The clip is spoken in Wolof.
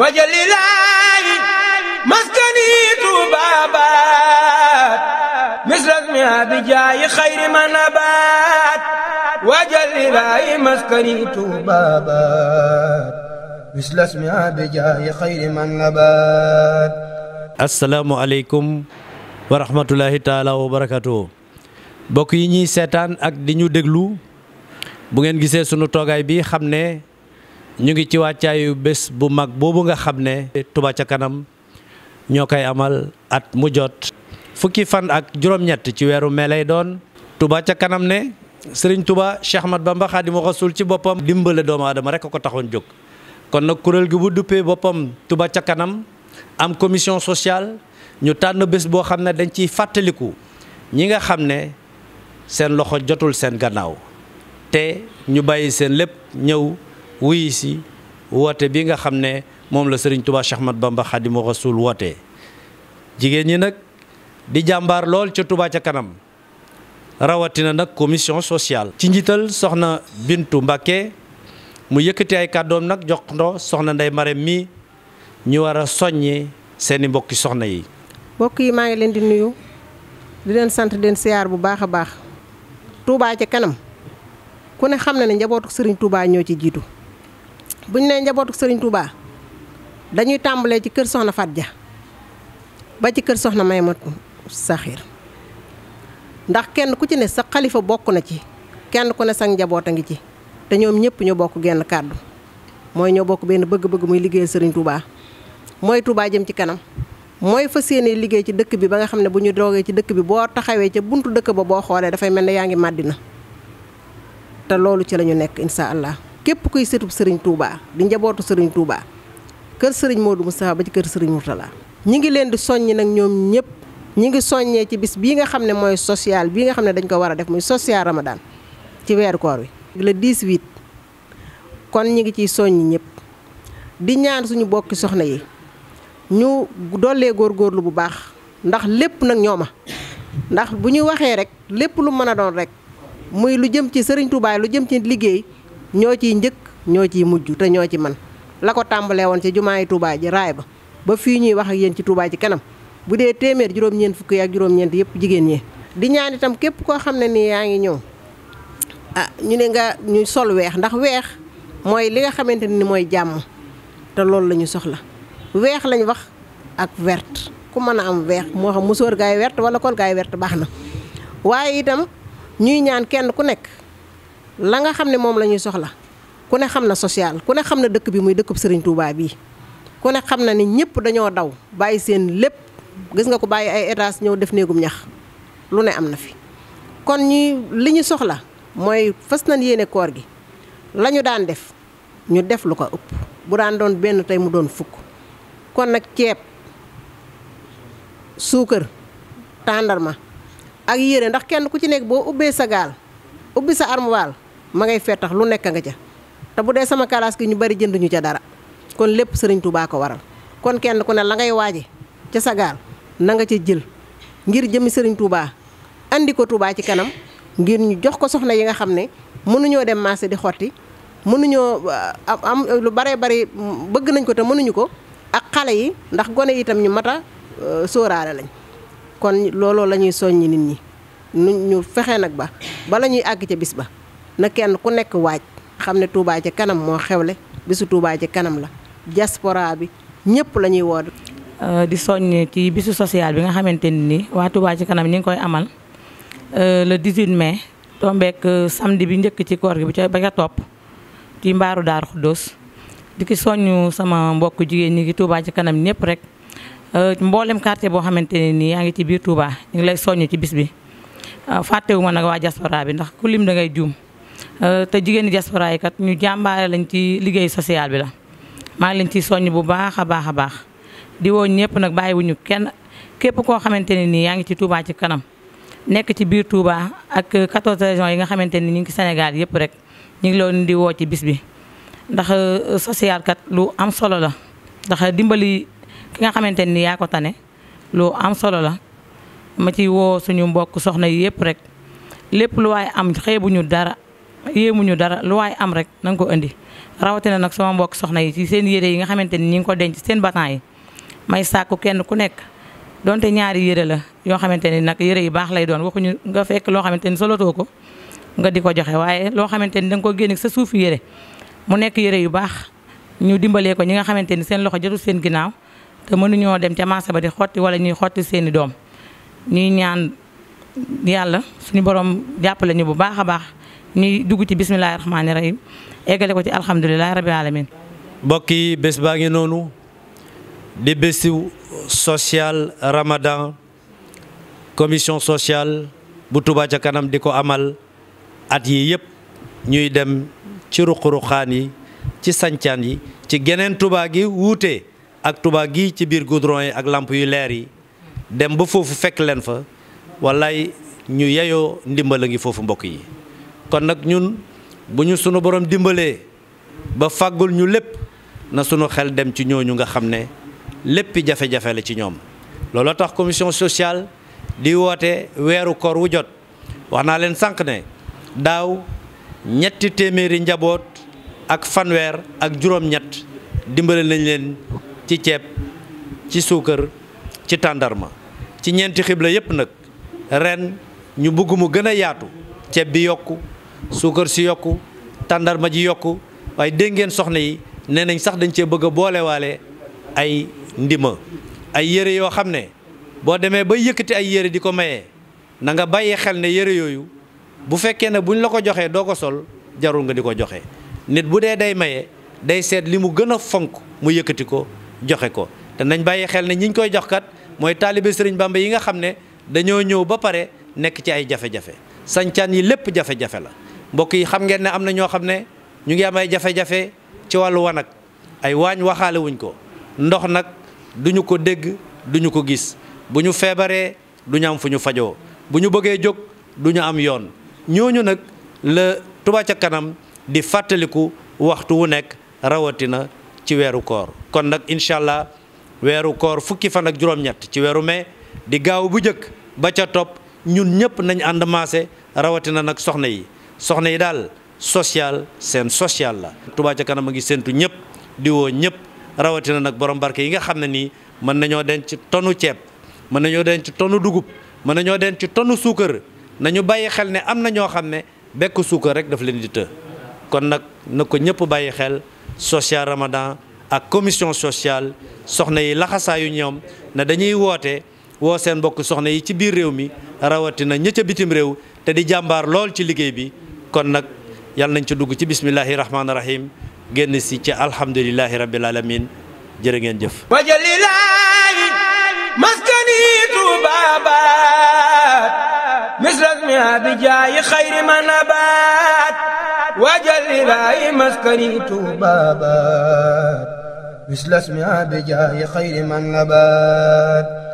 wajalilaayi maskani tuubaabaat misrasmi abijaayi xayri yi ñuy seetaan ak di ñu déglu bu ngeen gisee sunu toogaay bi xam ne. ñu ngi ci wàccaayu bés bu mag boobu nga xam ne Touba ca kanam ñoo koy amal at mu jot fukki fan ak juróom-ñett ci weeru mee lay doon tubaa ca kanam ne Serigne Touba Cheikh Ahmad Bamba Xaadimu Rasuul ci boppam dimbale doomu aadama rek ko taxoon jóg kon nag kuréel gi bu duppee boppam Touba ca kanam am commission sociale ñu tànn bés boo xam ne dañ ciy fàttaliku ñi nga xam ne seen loxo jotul seen gannaaw te ñu bàyyi seen lépp ñëw wuyu si woote bi nga xam ne moom la Serigne Touba Cheikh Ahmad Bamba Khadimu Rasul woote jigéen ñi nag di jàmbaar lool ca Touba ca kanam rawatina nag commission sociale. ci njiital soxna Bintu Mbakke mu yëkkati ay kàddoom nag jox ndo soxna Ndeye Marème mi ñu war a soññi seeni mbokki soxna yi. mbokk yi maa ngi leen di nuyu di leen sant den siyaar bu baax a baax. Touba ca kanam ku ne xam na ne njabootu Serigne Touba ñoo ci jiitu. buñ nee njabootu Serigne Touba dañuy tàmbalee ci kër Soxna Faat Ja ba ci kër Soxna may Maymatu Saxiir ndax kenn ku ci ne sa xalifa bokk na ci kenn ku ne sa njaboot a ngi ci te ñoom ñëpp ñu bokk genn kàddu mooy ñoo bokk benn bëgg-bëgg muy liggéeyal Serigne Touba mooy Touba jëm ci kanam. mooy fa yéene liggéey ci dëkk bi ba nga xam ne bu ñu doogee ci dëkk bi boo taxawee ca buntu dëkk ba boo xoolee dafay mel ne yaa ngi màddina te loolu ci lañu nekk incha allah. képp kuy sëtub sëriñ Touba di njabootu sëriñ Touba kër sëriñ Modou Moustapha ba ci kër sëriñ Mourtala ñi ngi leen di soññ nag ñoom ñëpp ñi ngi soññee ci bis bi nga xam ne mooy social bi nga xam ne dañ ko war a def muy social Ramadan ci weeru koor wi le 18 kon ñi ngi ciy soññ ñëpp di ñaan suñu bokki soxna yi ñu dollee góorlu bu baax ndax lépp nag ñoo ma ndax bu ñu waxee rek lépp lu mën a doon rek muy lu jëm ci sëriñ Touba lu jëm ci liggéey ñoo ciy njëkk ñoo ciy mujj te ñoo ci man la ko tàmbalee woon ci jumaa yi Touba ji raay ba ba fii ñuy wax ak yéen ci Touba ci kanam bu dee téeméer juróom-ñeent fukki ak juróom-ñeent yëpp jigéen ñi di ñaan itam képp koo xam ne nii yaa ngi ñëw a ah, ñu ne nga ñu sol weex ndax weex mooy li nga xamante ni mooy jàmm te loolu la ñu soxla weex lañ wax ak vert ku mën a am weex moo xam musóor gaay wert wala kol gaay wert baax na waaye itam ñuy ñaan kenn ku nekk la nga xam ne moom la ñuy soxla ku ne xam na social ku ne xam na dëkk bi muy dëkkub Serigne Touba yi ku ne xam na ni ñëpp dañoo daw bàyyi seen lépp gis nga ko bàyyi ay étage ñëw def néegum ñax lu ne am na fi kon ñuy li ñu soxla mooy fas na yéene koor gi la ñu daan def ñu def lu ko ëpp bu daan doon benn tey mu doon fukk kon nag ceeb suukar tàndarma ak yére ndax kenn ku ci nekk boo ubbee sa gaal ubbi sa armoire ma ngay fettax lu nekk nga ca te bu dee sama kalaas gi ñu bari jënduñu ca dara kon lépp sëriñ Tuubaa ko waral kon kenn ku ne la ngay waaje ca sagaal gaal na nga ca jël ngir jëmmi sëriñ Tuubaa indi ko Tuubaa ci kanam ngir ñu jox ko soxna yi nga xam ne mënuñoo dem marché di xotti mënuñoo uh, am lu baree bari bëgg nañ ko te mënuñu ko ak xale yi ndax gone itam ñu mat a uh, sóoraale lañ kon looloo la ñuy soññi nit ñi nu ñu fexe nag ba bala ñuy àgg ca bis ba na kenn ku nekk waaj xam ne Touba ci kanam moo xewle bisu Touba ci kanam la diaspora bi ñëpp la ñuy woo. Euh, di soññ ci bisu social bi nga xamante ni nii waa Touba ci kanam ñi ngi koy amal euh, le 18 mai tombeek euh, samedi njëkk ci koor gi bu ca ba ca topp ci mbaaru Daaru dos di ki soññ sama mbokk jigéen ñi ngi Touba ci kanam ñëpp rek mboolem quartier boo xamante ne nii yaa ngi ci biir Touba ñu ngi lay soññ ci bis bi fàttewuma nag waa diaspora bi ndax ku lim da ngay juum. Euh, te jigéeni diaspora yi kat ñu jàmbaare lañ ci liggéey social bi la maa ngi leen ciy soññ bu baax a baax a baax di woo ñëpp nag bàyyiwuñu kenn képp koo xamante ne nii yaa ngi ci Touba ci kanam nekk ci biir Touba ak 14 régions yi nga xamante ni ñu ngi senegal yëpp rek ñu ngi leen di woo ci bis bi ndax euh, socialkat lu am solo la ndax dimbali ki nga xamante ni yaa ko tane lu am solo la ma ci woo suñu mbokk soxna yi yëpp rek lépp lu waaye am xeebuñu dara. yéemuñu dara lu waaye am rek na nga ko indi rawatina nag sama mbokk soxna yi ci seen yére yi nga xamante ni ñi ngi ko denc seen batan yi may sàkku kenn ku nekk donte ñaari yére la yoo xamante ni nag yére yu baax lay doon waxuñu nga fekk loo xamante ni solotoo ko nga di ko joxe waaye loo xamante ni danga ko génne sa suufu yére mu nekk yére yu baax ñu dimbalee ko ñi nga xamante ni seen loxo jotul seen ginnaaw te mënuñoo dem ca marché ba di xotti wala ñuy xotti seen doom ñuy ñaan ñu ñuy dugg ci bisimilah rahmaani rahim eggale ko ci alhamdulilah rabil alamin mbokk yi bés baa ngi noonu di bésu social Ramadan commission sociale bu tubaa ca kanam di ko amal at yi yëpp ñuy dem ci ruq-ruqaan yi ci sancaan yi ci geneen tubaa gi wuute ak Touba gi ci biir goudron yi ak làmp yu leer yi dem ba foofu fekk leen fa wallaay ñu yeyoo ndimbal a ngi foofu mbokk yi kon nag ñun bu ñu sunu borom dimbalee ba fàggul ñu lépp na sunu xel dem ci ñooñu nga xam ne léppi jafe-jafe la ci ñoom looloo tax commission sociale di woote weeru kor wu jot wax naa leen sànq ne daaw ñetti téeméeri njaboot ak fanweer ak juróom-ñett dimbale nañ leen ci ceeb ci suukar ci tàndarma ci ñeenti xibla yépp nag ren ñu bugg mu gën a yaatu ceeb bi yokku suukar si yokku tàndarma ji yokk waaye dégg soxna yi nee nañ sax dañ cee bëgg a boolewaale ay ndima ay yére yoo xam ne boo demee ba yëkkati ay yére di ko mayee na nga bàyyi xel ne yére yooyu bu fekkee ne buñ la ko joxee doo ko sol jarul nga di ko joxe nit bu dee day maye day seet li mu gën a fonk mu yëkkati ko joxe ko te nañ bàyyi xel ne ñiñ koy jox kat mooy taalibe Serigne Bamba yi nga xam ne dañoo ñëw ba pare nekk ci ay jafe-jafe sancaan yi lépp jafe la mbokk yi xam ngeen ne am na ñoo xam ne ñu ngi am ay jafe-jafe ci wàllu wanag ay waañ waxaale wuñ ko ndox nag duñu ko dégg du ñu ko gis bu ñu feebaree duñu am fu ñu fajoo bu ñu bëggee jóg du ñu am yoon ñooñu nag la Touba ca kanam di fàttaliku waxtu wu nekk rawatina ci weeru koor kon nag incha allah weeru koor fukki fan ak juróom-ñett ci weeru mai di gaaw bu njëkk ba ca topp ñun ñëpp nañu ànd maase rawatina nag soxna yi soxna yi daal social seen social la. Touba kanam a ngi séntu ñëpp di woo ñëpp rawatina nag borom barke yi nga xam ne nii mën nañoo denc tonu ceeb mën nañoo denc tonu dugub mën nañoo denc tonu suukar nañu bàyyi xel ne am na ñoo xam ne bekk suukar rek daf leen di të. kon nag na ko ñëpp bàyyi xel social Ramadan ak commission sociale soxna yi laxasaayu ñoom na dañuy woote. woo seen mbokk soxna yi ci biir réew mi rawatina ña ca bitim réew te di jàmbaar lool ci liggéey bi kon nag yàlla nañ ci dugg ci bismillahi rahmaani rahim génn si